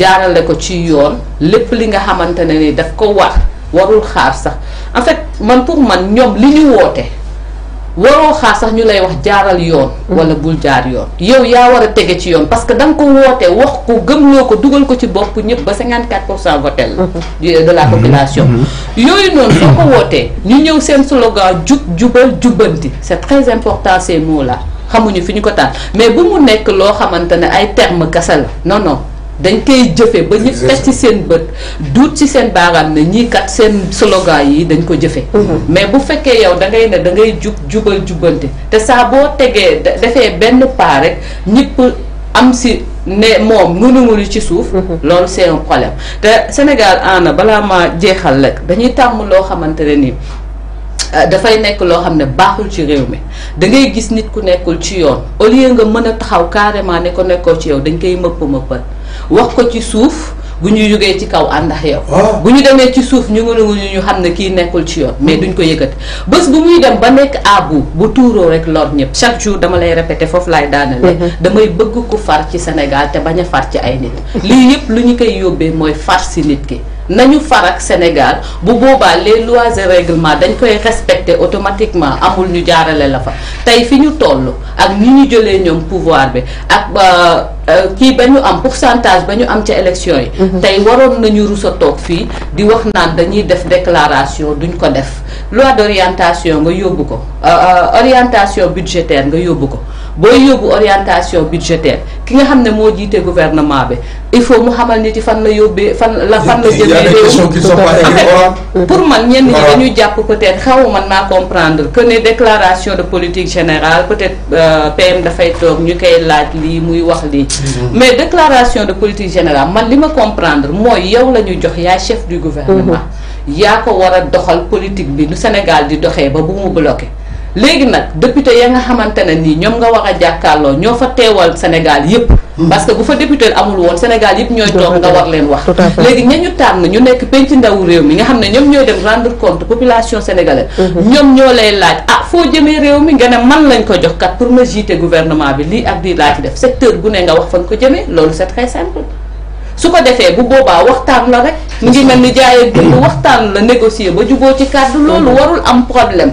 jaarale ko ci yoon lépp li nga xamante ne daf ko war warul xaar sax en fait man pour man ñoom li ñu woote waroo xaar sax ñu lay wax jaaral yoon. wala bul jaar yoon. yow yaa war a tege ci yoon parce que da nga ko woote wax ko gëmloo ko dugal ko ci bopp ñëpp ba 54 pour cent votel mmh. de la mmh. population. Mmh. yooyu noonu soo ko wootee. ñu ñëw seen slogan jub jubal jubbanti c'est très important ces mots xamuñu fi ñu ko taal mais bu mu nekk loo xamante ne ay termes kese la non dañ koy jëfe ba ñëpp teg ci seen bët duut ci seen baaraam na ñii kat seen slogan yi dañ ko jëfe mhm. mais bu fekkee yow da ngay ne da ngay jub jubal jubbante te saa boo tegee defee benn pas rek ñëpp am si ne moom ngunu ci suuf mhm. loolu c'est un problème te Sénégal ana balaa ma jeexal lekk dañuy tàmm loo xamante ne nii euh, dafay nekk loo xam ne baaxul ci réew mi da ngay gis nit ku nekkul ci yoon au lieu nga mën a taxaw carrément ne ko nekkoo ci yow dañ koy mëpp mëppal wax ko ci suuf bu ñu yugee ci kaw ànd ak ah. yow. bu ñu demee ci suuf ñu ngi ñu xam ne kii nekkul ci yoon. mais hmm. duñ ko yëkkati bés bu muy dem ba nekk à bout bu tuuroo rek lor ñëpp chaque jour dama lay répété foofu laay daanale. Hmm. damay bëgg ku far ci Sénégal te bañ a far ci ay nit. Hmm. lii yëpp lu ñu koy yóbbee mooy far si nit ki. nañu farak Sénégal bu boobaa les lois et dañ koy respecter automatiquement amul ñu jaarale la fa tey fi ñu toll ak ñi ñu jëlee ñoom pouvoir bi ak euh, euh, kii ba ñu am pourcentage ba ñu am ca élection yi mhm. tey waroon nañu rusa toog fii di wax naan dañuy def déclaration duñ ko def lois d'orientation nga yóbbu ko euh, orientation budgétaire nga yóbbu ko booy yóbbu orientation budgétaire ki nga xam ne moo jiite gouvernement bi il faut que xamal nit la fan la pour man je ñi comprendre que les déclaration de politique générale peut-être euh, PM le muy wax mhm. mais déclaration de politique générale man comprendre yow chef du gouvernement mhm. ya ko doxal politique bi Sénégal di doxé ba léegi nag député ya nga xamante ne nii ñoom nga war a jàkkaarloo ñoo fa teewal Sénégal yépp hmm. parce que bu fa député amul woon Sénégal yëpp ñooy toog nga war leen wax léegi ña ñu tànn ñu nekk penc ndawu réew mi nga xam ne ñoom ñooy dem rendre compte population sénégalaise hmm. ñoom ñoo lay laaj ah foo jëmee réew mi nga ne man lañ ko jox kat pour ma jiite gouvernement bi lii ak lii laa ci def secteur bu ne nga wax fan ko jëmee loolu c'est très simple su ko defee bu boobaa waxtaan la rek mu mel ni jaayee dund waxtaan la négocier ba juboo ci kàddu hmm. loolu warul am problème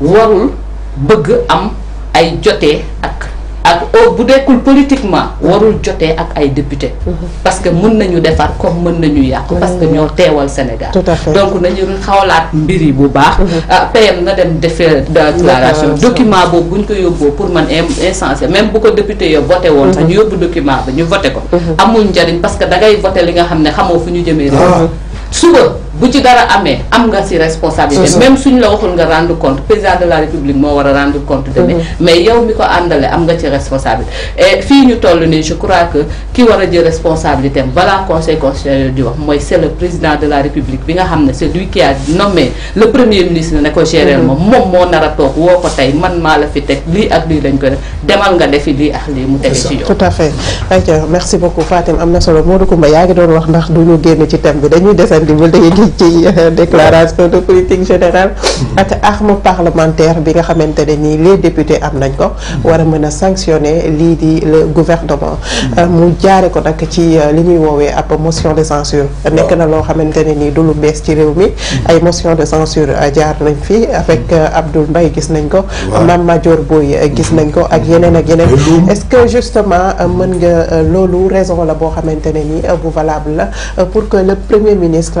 warul bëgg am ay jotee ak ak au oh, bu dekkul politiquement warul jotee ak ay député mm-hmm. parce que mën nañu defar comme mën ñu yàqu mm-hmm. parce que ñoo teewal Sénégal donc nañu xawlaat mbir yi bu baax PM mm-hmm. ah, na dem defee déclaration document boobu bu ko yóbboo pour man insensé même bu ko député yo voté woon sax ñu yóbbu document ba ñu voté ko amul njariñ parce que da ngay li nga xam ne xamoo fu ñu jëmee réew ah. suba bu ci dara amee am nga si responsabilité même suñ la waxul nga rendre compte président de la république moo war a rendre compte demee mm-hmm. mais yow mi ko àndale am nga ci responsabilité fii ñu toll nii je crois que ki war a jël responsabilité am balaa conseil constitutionnel di wax mooy c' est le président de la république bi nga xam ne c' est lui qui a nommé le premier ministre ne ko gérer moom mm-hmm. moom moo nar a toog woo ko tey man maa la fi teg lii ak lii lañ ko def demal nga defi lii ak lii mu teg ci yow tout à na solo Modou Koumba yaa ngi doon wax ndax duñu génn ci euh, déclaration de politique générale mm-hmm. ak arme parlementaire bi nga xamantene ni les députés am nañ ko mm-hmm. wara a sanctionner li di le gouvernement mm-hmm. euh, mu jaare ko nag ci euh, li ñuy woowee motion de censure nek na lo xamantene ni nii du lu bees ci réew mi ay motion de censure jaar nañ fi avec Abdoul Mbaye gis nañ ko Mame Madior Boye gis nañ ko ak yeneen ak yeneen est-ce que justement mën nga loolu raison la bo xamantene ni valable pour que le premier ministre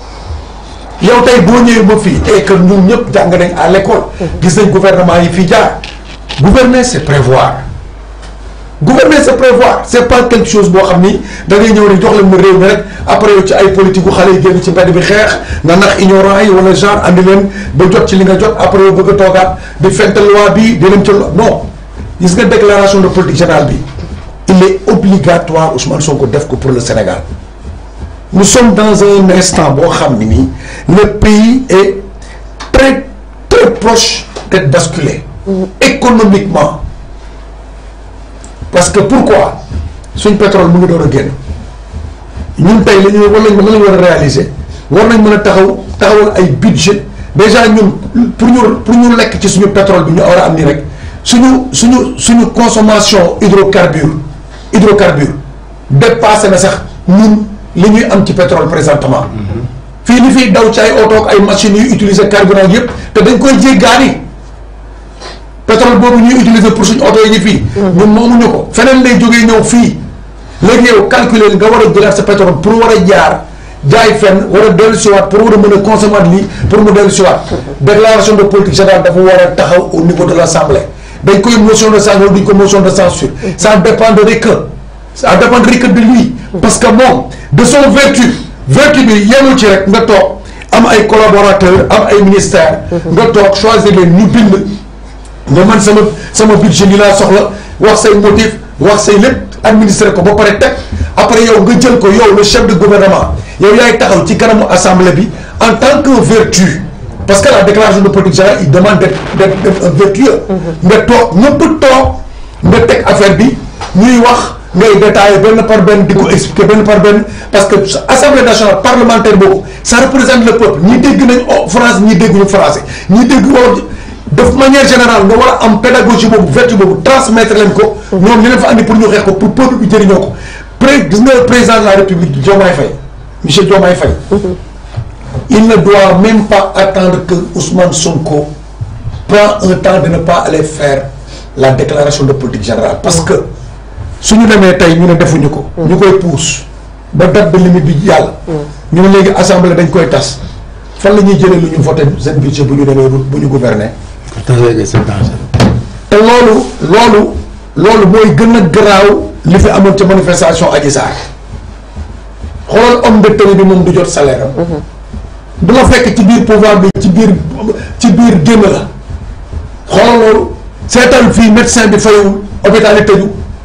yow tay bo ñëwee ba fi tey que ñun ñëpp jàng nañ à l'école gis nañ gouvernement yi fi jaar gouverner c'est prévoir gouverner c'est prévoir c'est pas quelque chose boo xam ni da ngay ñëw rek jox leen mu réew mi rek après yow ci ay politique gu xale yi génn ci mbedd bi xeex na nax ignorant yi wala genre andi leen ba jot ci li nga jot après yow bëgg a toogaat di fental loi bi di leen ci non gis nga déclaration de politique générale bi il est obligatoire Ousmane Sonko def ko pour le Sénégal nous sommes dans un instant le pays est très très proche d'être basculé économiquement parce que pourquoi le pétrole nous ngi Nous payons réaliser Nous nañ nous budget déjà nous, pour nous, pour pétrole Nous aurons war consommation hydrocarbure hydrocarbure dépasse na li ñuy am ci pétrole présentement. fii li fiy daw ci ay oto ak ay machines yu utiliser carburant yëpp te dañ koy jéggaani pétrole boobu ñuy utiliser pour suñu auto yi ñu fii. ñun moomuñu ko feneen lay jógee ñëw fii léegi yow calculer nga war a jëlaat sa pétrole pour war a jaar. jaay fenn war a dellu siwaat pour war a mën a consommer lii pour mu dellu siwaat déclaration de politique générale dafa war a taxaw au niveau de l' assemblée dañ koy motion de censure duñ ko motion de censure ça dépendrait que ça que de lui parce que moi de son vertu vertu de ci rek nga toog am ay ministère am ministères mhm. nga choisir les ñu bind nga man sama sama budget suis un motif wax say administrer ko ba après yow nga le chef de gouvernement yow assemblée en tant que vertu parce que la déclaration de politique générale il demande d'être un vertueux mhm. nga toi nous affaire bi ngay détaillé ben par ben, di expliquer ben par ben, parce que assemblée nationale parlementaire beaucoup, ça représente le peuple ni dégg nañ ni ñi dégguñu français ni dégg wolof de manière générale nga a am pédagogie beaucoup, vertu beaucoup, transmettre leen ko. ñoom ñu fa andi pour ñu xex ko pour peuple bi jëriñoo ko pré président de la république Diomaye Faye monsieur Diomaye mhm. il ne doit même pas attendre que Ousmane Sonko prend un temps de ne pas aller faire la déclaration de politique générale parce mhm. que. su suñu demee tey ñu ne defuñu ko. Mm. ñu koy puus ba date de bi yàlla. Mm. ñu ne léegi assemblée dañ koy tas fan la ñuy jëlee lu ñu voté seen budget bu ñu demee bu ñu gouverner. te loolu loolu loolu mooy gën a garaaw li fi amoon ca manifestation Adji Sarr xoolal de tenue bi moom du jot salaire am. Mm-hmm. du la fekk ci biir pouvoir bi ci biir ci biir génn la xoolal loolu seetal fii médecin bi fayul hôpital tëju.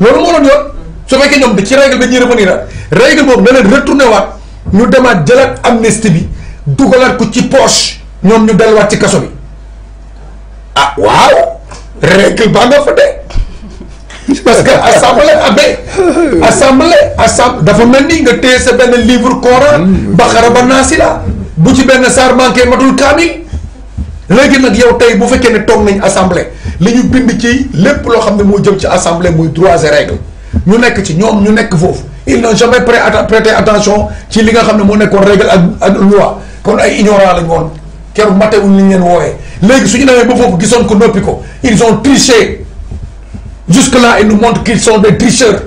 lolu mo doon yoon su fekkee ñoom ci règle bi ñuy revenir a règle boobu na leen retourné waat ñu demaat jëlat amnesty bi dugalaat ko ci poche ñoom ñu delluwaat ci kaso bi ah waaw règle ba nga fa de parce que assemblée abbé ah, assemblée assemblée dafa mel ni nga téye sa benn livre coran baxara ba naasi la bu ci benn saar manqué matul kamil léegi nag yow tey bu fekkee ne toog nañ assemblée li ñu bind ci lépp loo xam ne moo jëm ci assemblée muy droits et règles ñu nekk ci ñoom ñu nekk foofu ils n'ont jamais prêté attention ci li nga xam ne moo nekkoon règle ak ak loi kon ay ignorant lañ woon keroog matewuñ li ñu leen wooyee léegi suñu demee ba foofu gisoon ko noppi ko ils ont triché jusque là ils nous montrent qu'ils sont des tricheurs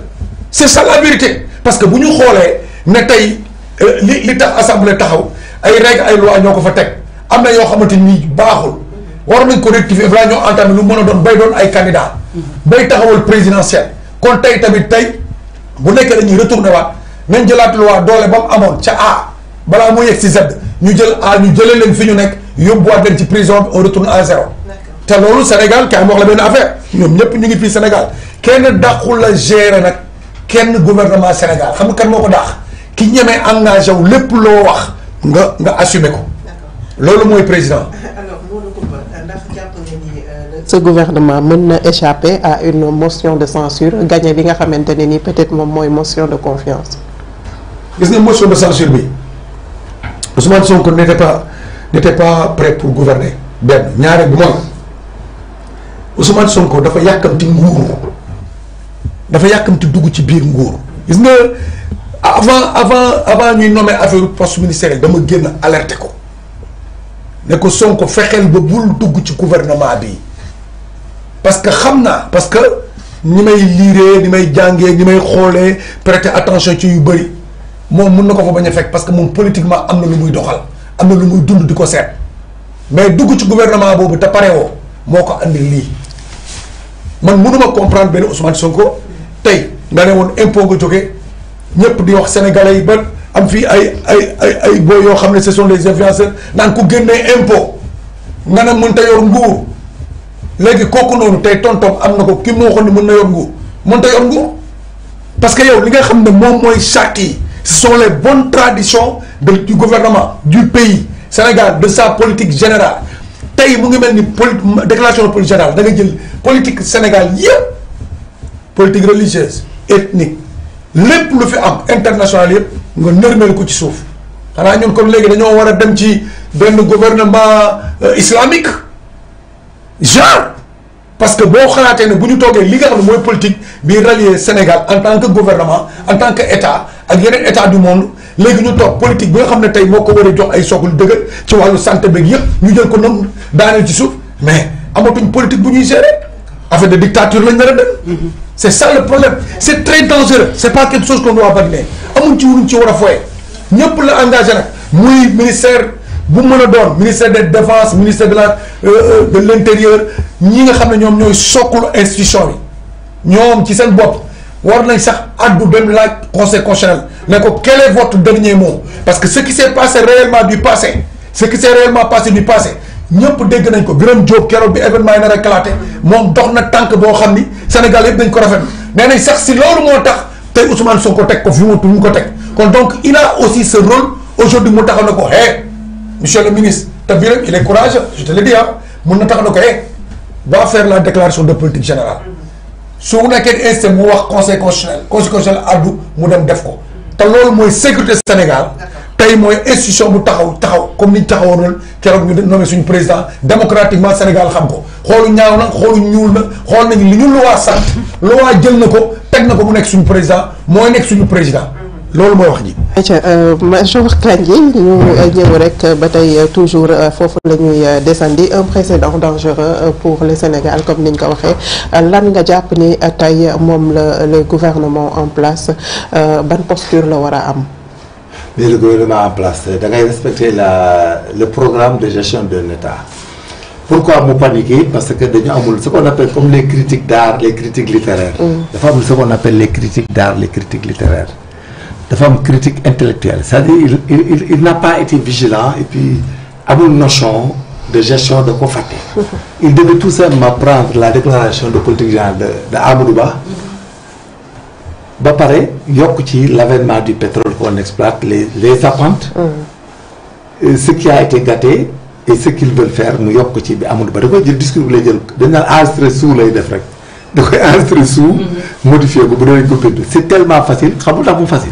c'est ça la vérité parce que bu ñu xoolee ne tey euh, li li tax assemblée taxaw ay règle ay loi ñoo ko fa teg am na yoo xamante ni baaxul war nañ ko rectifier balaa ñoo entamé lu mën a doon bay doon ay candidat bay taxawal présidentielle kon tey tamit tey bu nekkee dañuy retourné waat nañ jëlaat loi doole ba mu amoon ca A balaa mu yegg si Z ñu jël A ñu jëlee leen fi ñu nekk yóbbuwaat leen ci prison on retourne à te loolu Sénégal kaay ma wax la benn affaire ñoom ñëpp ñu ngi fii Sénégal kenn dàqul la gérer nag kenn gouvernement Sénégal xam nga kan moo ko dàq ki ñemee engagé wu lépp loo wax nga nga assumer ko loolu mooy président ce gouvernement mène échapper à une motion de censure gagné li nga xamante ni peut-être même mooy motion de confiance. gis nga motion de censure bi Ousmane Sonko n'était pas n'était pas prêt pour gouverner ben ñaareel bu mooy Ousmane Sonko dafa yakamti nguur dafa yakamti dugg ci bir nguur gis nga avant avant avant ñuy nommer affaire poste ministériel dama génn alerter ko ne ko Sonko fexel ba bul dugg ci gouvernement bi. parce que xam naa parce que ni may liiree ni may jangé ni may xoolee prêter attention ci yu bëri moom mun na ko fa bañ a parce que moom politiquement am na lu muy doxal am na lu muy dund di ko seet mais dugg ci gouvernement boobu te pare woo moo ko andi lii man mënuma comprendre benn Ousmane Sonko tey nga ne woon impôt nga jógee ñëpp di wax sénégalais ba am fii ay ay ay ay boo yoo xam ne ce sont les influenceurs naan ku génnee impôt nga ne mënta yor nguur léegi kooku non tay tontom am na ko ki mo waxoon ne mën na yor mën ta parce que yow li nga xam ne moom mooy charte ce sont les bonnes traditions du gouvernement du pays Sénégal de sa politique générale tay mu ngi melni déclaration de politique générale da nga jël politique Sénégal yépp politique religieuse ethnique lepp lu fi am international yépp nga nermel ko ci souf xana ñun comme les dañoo wara dem ci ben gouvernement euh, islamique Jean, parce que boo xalaatee a bu ñu toogee li nga politique bi rallier Sénégal en tant que gouvernement en tant que état ak yeneen état du monde Les ñu toog politique bi nga xam ne tey moo ko war a jox ay sookul dëgër ci wàllu santé beeg yëpp ñu jël ko noonu daaneel ci suuf mais politique budgétaire avec gérer affaire de dictature lañ mhm. ça le problème c'est très dangereux c'est pas quelque chose qu'on doit bannir amuñ ci wuñ ci war a foyee ñëpp la engagé le ministère bu de ministère défense ministère de l'Intérieur, euh, de l'Intérieur, ñi nga xam ñom ñoy institution yi ñom ci war sax conseil quel est votre dernier mot parce que ce qui s'est passé réellement du passé ce qui s'est réellement passé du passé ñëpp dégg nañ ko job kéro bi événement yi nar éclaté dox na Sénégal dañ si loolu fait, tax Ousmane Sonko tek ko fi mu donc il a aussi ce rôle aujourd'hui mu na monsieur le ministre te Birame il est courageux je te le dis ah mun na eh faire la déclaration de politique générale su nekkee instant mu wax conseil constitutionnel conseil constitutionnel addu mu dem def ko te loolu sécurité Sénégal tey mooy institution bu taxaw taxaw comme ni ñu taxawoon noonu keroog nommé suñu président démocratiquement Sénégal xam ko xoolu ñaaw na xoolu ñuul na xool nañu li ñu luwaa sant jël président mooy nekk président loolu mooy wax ji. ayca major Kandji nous ñëw rek euh, ba euh, toujours euh, foofu la ñuy descendi un précédent dangereux pour le Sénégal comme niñ ko waxee lan nga jàpp ni tey moom le gouvernement en place ban posture la war am. le gouvernement en place da ngay respecter la le programme de gestion de l'État. pourquoi mu paniquer parce que dañu amul ce qu'on appelle comme les critiques d'art les critiques littéraires. Mm. dafa amul ce qu'on appelle les critiques d'art les critiques littéraires de critique intellectuelle c'est-à-dire il il, il, n'a pas été vigilant et puis une notion de gestion de ko il devait tout simplement prendre la déclaration de politique générale de de Amadou Ba ba pare ci l'avènement du pétrole qu'on exploite les les mmh. ce qui a été gâté et ce qu'ils veulent faire nous y ci bi Amadou Ba da koy jël discours bi lay jël astre sous lay def rek da astre sous modifier. vous couper. c'est tellement facile xamul tax facile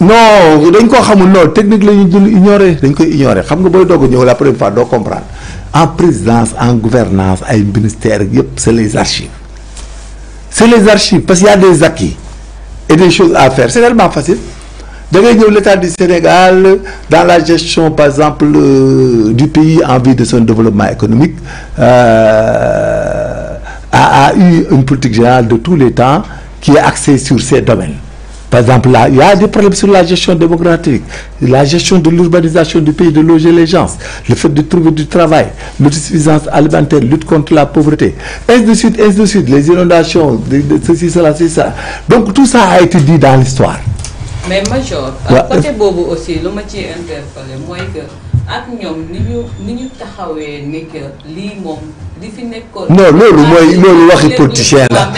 non dañ ko xamul non technique lañu dañ koy xam nga la première fois comprendre en présidence en gouvernance à ministère ministère, c'est les archives C'est les archives parce qu'il y' a des acquis et des choses à faire C'est vraiment tellement facile da ngay ñëw du Sénégal dans la gestion par exemple euh, du pays en vue de son développement économique euh, a a eu une politique générale de tous les temps qui est axée sur ces domaines par exemple, là, il y a des problèmes sur la gestion démocratique, la gestion de l'urbanisation du pays, de loger les gens, le fait de trouver du travail, l'insuffisance alimentaire, lutte contre la pauvreté, ainsi de suite, ainsi de suite, les inondations, de, ceci, cela, c'est ça. Donc tout ça a été dit dans l'histoire. Mais Major, à côté Bobo aussi, le métier interpellé, moi, que, nous ñom ni non loolu mooy loolu waxi politicien la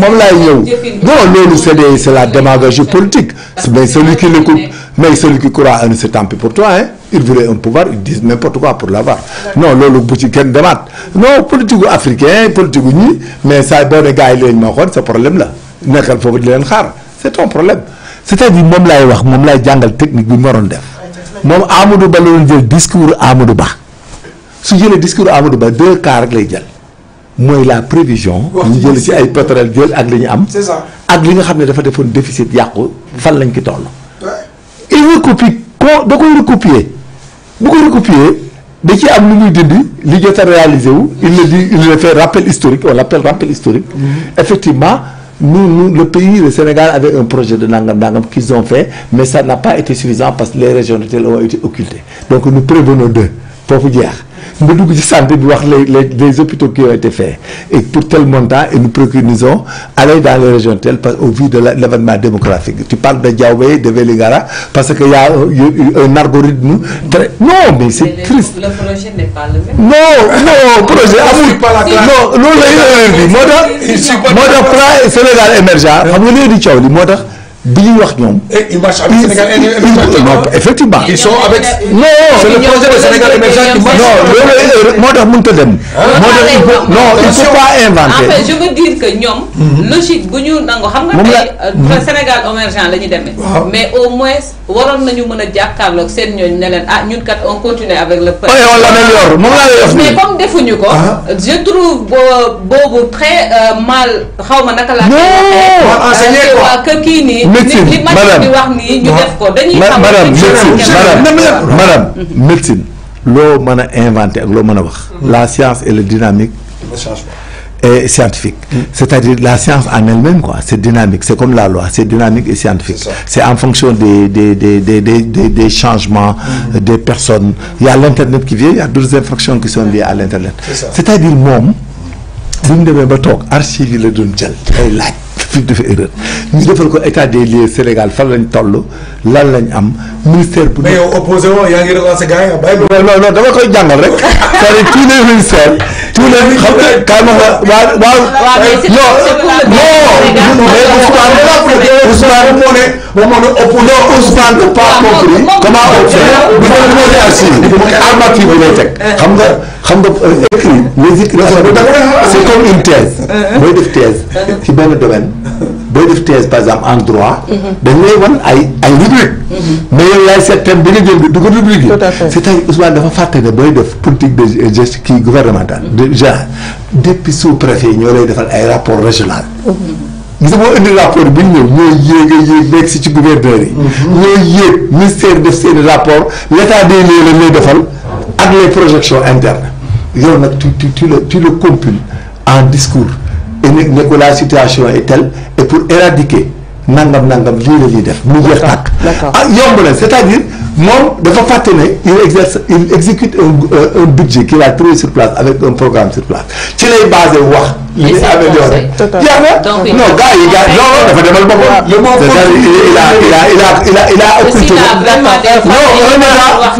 moom laay ñëw non loolu c'est c'est la démagogie politique mais celui qui l'écoute mais celui qui croit en c'est tant pour toi hein il voulait un pouvoir ils disent n'importe quoi pour l'avoir non loolu bu ci kenn mat. non politique africain politique ni, mais ça boo ne gars yi lañ c'est problème là. nekkal foofu di leen xaar c'est ton problème c'est-à-dire moom laay wax moom laay technique du mu waroon def moom Amadou Ba la jël discours Amadou Ba j'ai le discours à Ba deux quarts rek lay jël moy la prévision. ñu jël ci ay ak li am. c'est ça ak li nga xamné déficit yàqu fan lañ il recopie ko da koy recopier bu ko recopier da ci am lu li a réalisé il le dit il le fait rappel historique on l'appelle rappel historique. Mm-hmm. effectivement. Nous, le pays, le Sénégal avait un projet de Nangam Nangam qu'ils ont fait, mais ça n'a pas été suffisant parce que les régions ont été occultées. Donc nous prévenons d'eux vous vous nous nous les hôpitaux qui ont été faits et pour tel montant et nous préconisons aller dans les régions telles au vu de l'événement démographique tu parles de Yahweh de véligara parce qu'il y a un algorithme très non mais c'est triste. le projet n'est pas le même. non non projet non Non, non, bi ñuy wax ñoom. ils marchent avec Sénégal émergent. effectivement. ils sont avec. non c'est le projet de Sénégal émergent qui marche. non loolu moo tax mënut dem. Ah, motax ah, non il faut ah, pas inventer. en fait je veux dire que ñom mhm. logique bu ñu nangu xam nga tey. Euh, mhm. Sénégal émergent lañu démé mais au moins waron nañu mëna a jàkkaarloog seen ñooñu ne leen ah ñun kat on continue avec le. peuple on l'améliore moom laa wax mais comme defuñu ko. je trouve boobu très euh, mal xawma ma naka laa. non enseigner euh, quoi que kini médecine madame madame inventé mm-hmm. la science et le dynamique et scientifique mm-hmm. c'est-à-dire la science en elle-même quoi c'est dynamique c'est comme la loi c'est dynamique et scientifique c'est en fonction des des des des des changements mm-hmm. des personnes il y a l'internet qui vient il y a d'autres infractions qui sont liées à l'internet c'est-à-dire moi, bu de mes ba toog archive la fi dafa erreur ñu defal ko état des lieux Sénégal fan lañ toll lan lañ am ministère bu. mais yow opposé woo yaa ngi sa gars yi non non koy jàngal rek c'est-à-dire tous tous les xam nga kaay ma wax waaw waaw. non non mais Ousmane Ousmane moo ne moo ne ëpp non Ousmane n'a pas compris comment on fait bi nga demee arsi armature bi lay teg xam nga xam nga euh, écrit musique c'est comme une thèse mooy euh, euh. def thèse ci benn domaine booy def thèse par exemple en droit. Mhm. dañ lay ay ay rubrique. Mhm. mais yow yaay seet bi nga jël du ko rubrique. tout à fait c'est-à-dire Ousmane dafa kii gouvernementale. Mhm. de genre depuis sous-préfet yi ñoo lay defal ay rapport régional. gis nga boo indi rapport bi ñu ñëw ñoo yéeg a yéeg nekk si ci gouverneur yi. ñoo yéeg ministère def seen rapport l'état des lieux la lay defal. ak les projections internes yow nag tu tu tu le tu le compiles en discours. et nag ne la situation est telle et pour éradiquer nangam nangam lire, la ñuy def. mu ah yomb c'est-à-dire moom dafa fa ne il exerce il exécute un euh, un budget qu'il a trouvé sur place avec un programme sur place ci lay basé wax. est amélioré jeex na non gars il gars non non dafa demal boppam. cest à il a il a il a il a il a occulté non un état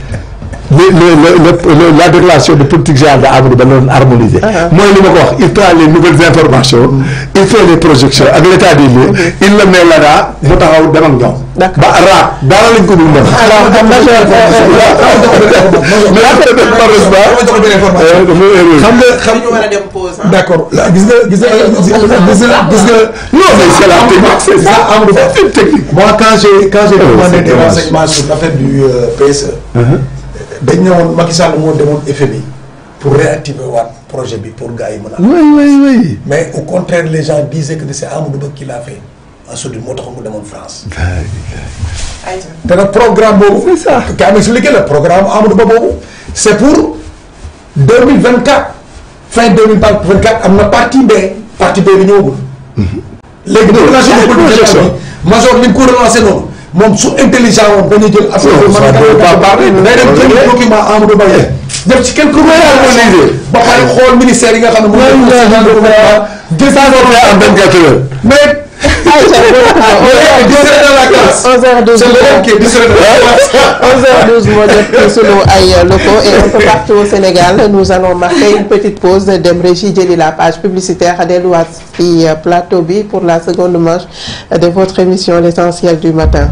le le, la déclaration de politique générale de Amadou Ba noonu harmonisé. Ah, ah. mooy li ma il prend les nouvelles informations. Mm. il fait les projections Avec l'état des lieux. il le met là-bas mu taxaw dem ak ñoom. D'accord. ra dara lañ ko dul def. alors ah, euh, euh, xam nga xam nga war a dem pause. Hein. d'accord gis nga gis nga gis nga non mais c'est la technique c'est ça Amadou Ba c'est une technique. moi quand j'ai quand j'ai demandé des renseignements sur l'affaire du euh, PSE. Uh-huh dañ Macky Sall moo demoon FMI pour réactiver waat projet bi pour gars yi mën oui oui oui. mais au contraire les gens disaient que c'est Amadou Ba qui l'a fait ensuite moo tax mu demone France. ayca te nag programme boobu. c'est ça kaa ma expliqué le programme Amadou Ba boobu. c'est pour 2024 fin 2024. amna partie B. partie B bi ñëwagul. projet mhm. projet major li ko relancer non moom su intelligent woon bañ a jël affaire bi mën a dem document Amadou Ba eh, def ci quelque analyser ba pare xool ministère yi nga xam ne moom. mooy ministère yi nga xam ne mais 11h12 11h12 moo jot nous locaux et un peu partout au Sénégal nous allons marquer une petite pause de régie la page publicitaire delluwaat et plateau bi pour la seconde manche de votre émission l'essentiel du matin